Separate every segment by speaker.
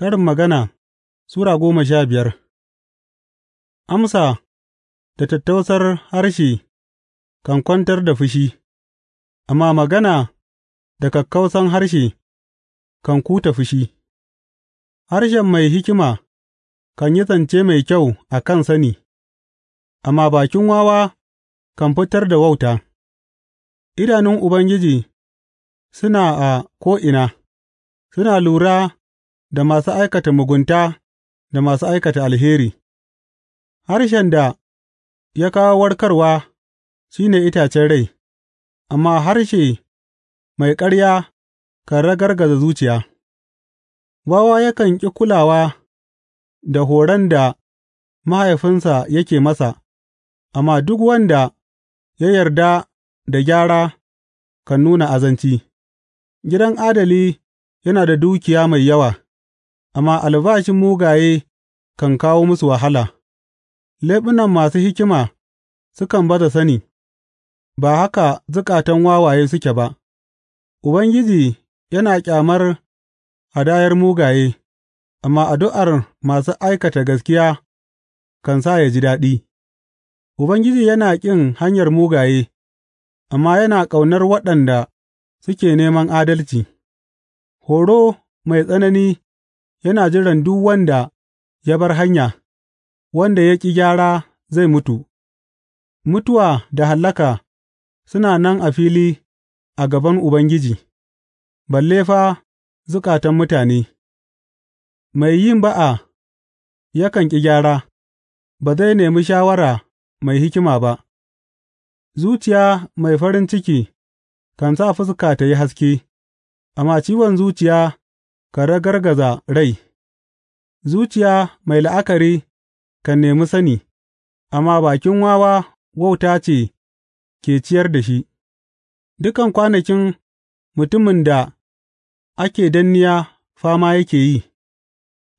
Speaker 1: Karin Magana Sura goma sha biyar Amsa da tattausar harshe kan kwantar da fushi, amma magana da kakkausan harshe kan kuta fushi. Harshen mai hikima kan yi zance mai kyau a kan sani, amma bakin wawa kan fitar da wauta. Idanun Ubangiji suna a ko'ina, suna lura da masu aikata mugunta da masu aikata alheri, harshen da ya kawo warkarwa shi ne itacen rai, amma harshe mai ƙarya kan ragar ragargaza zuciya, wawa yakan ƙi kulawa da horon da mahaifinsa yake masa, amma duk wanda ya yarda da gyara kan nuna azanci, gidan adali yana da dukiya mai yawa. Amma albashin mugaye kan kawo musu wahala, leɓunan masu hikima sukan baza sani, ba haka zukatan wawaye suke ba; Ubangiji yana ƙyamar hadayar mugaye, amma addu'ar masu aikata gaskiya kan sa ya ji daɗi; Ubangiji yana ƙin hanyar mugaye, amma yana ƙaunar waɗanda suke neman adalci Horo mai tsanani. yana jiran duk wanda ya bar hanya, wanda ya ƙi gyara zai mutu; mutuwa da hallaka suna nan a fili a gaban Ubangiji, balle fa zukatan mutane, mai yin ba'a yakan ƙi gyara, ba zai nemi shawara mai hikima ba, zuciya mai farin ciki kan sa fuska ta yi haske, amma ciwon zuciya. ka ragargaza rai Zuciya mai la'akari kan nemi sani, amma bakin wawa wauta ce ke ciyar da shi; dukan kwanakin mutumin da ake danniya fama yake yi,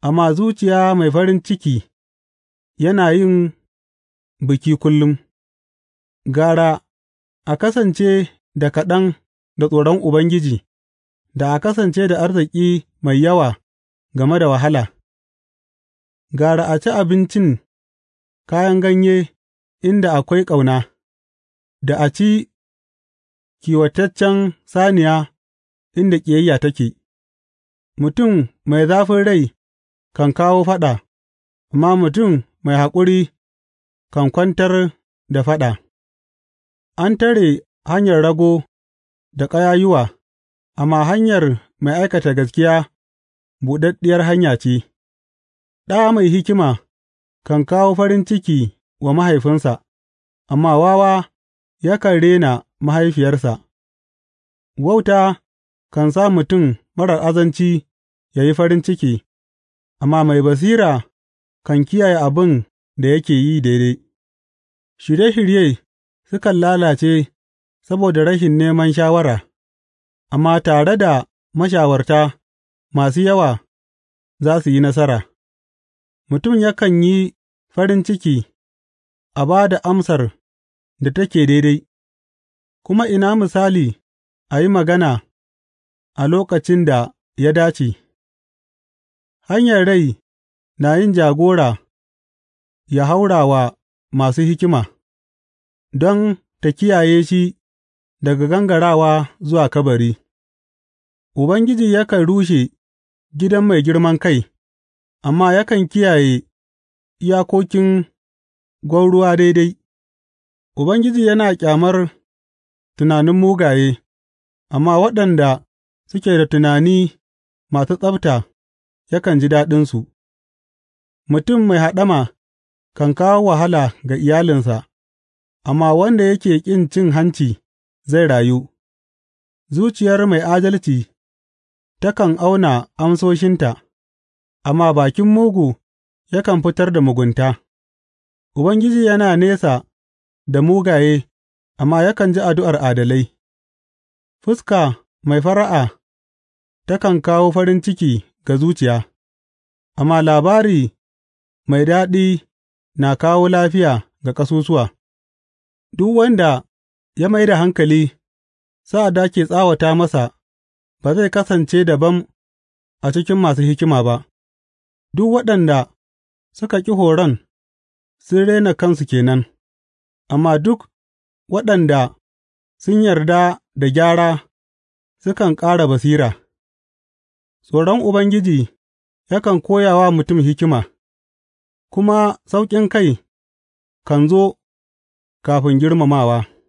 Speaker 1: amma zuciya mai farin ciki yana yin biki kullum; gara a kasance da kaɗan da tsoron Ubangiji. Da a kasance da arziki mai yawa game da wahala, gara a ci abincin kayan ganye inda akwai ƙauna, da a ci kiwataccen saniya inda ƙiyayya take, mutum mai zafin rai kan kawo faɗa, amma mutum mai haƙuri kan kwantar da faɗa; an tare hanyar rago da ƙayayuwa. Amma hanyar mai aikata gaskiya buɗaɗɗiyar hanya ce; ɗa mai hikima kan kawo farin ciki wa mahaifinsa, amma wawa yakan rena mahaifiyarsa; wauta kan sa mutum marar azanci ya yi farin ciki, amma mai basira kan kiyaye abin da yake yi daidai; shirye shirye sukan lalace saboda rashin neman shawara. amma tare da mashawarta masu yawa za su yi nasara; mutum yakan yi farin ciki a ba da amsar da take daidai, kuma ina misali a yi magana a lokacin da ya dace, hanyar rai na yin jagora ya haura wa masu hikima, don ta kiyaye shi. daga gangarawa zuwa kabari Ubangiji yakan rushe gidan mai girman kai, amma yakan kiyaye iyakokin gwauruwa daidai; Ubangiji yana ƙyamar tunanin mugaye, amma waɗanda suke da tunani masu tsabta yakan ji daɗinsu; mutum mai haɗama kan kawo wahala ga iyalinsa, amma wanda yake ƙin cin hanci. zai rayu; zuciyar mai adalci takan auna amsoshinta, amma bakin mugu yakan fitar da mugunta Ubangiji yana nesa da mugaye amma yakan ji addu'ar adalai; fuska mai fara'a takan kawo farin ciki ga zuciya, amma labari mai daɗi na kawo lafiya ga ƙasusuwa. Duk wanda ya mai da hankali, sa'ad da ke tsawata masa, ba zai kasance dabam a cikin masu hikima ba, duk waɗanda suka ƙi horon sun rena kansu kenan. amma duk waɗanda sun yarda da gyara sukan ƙara basira. Tsoron Ubangiji yakan koya wa mutum hikima, kuma sauƙin kai kan zo kafin girmamawa.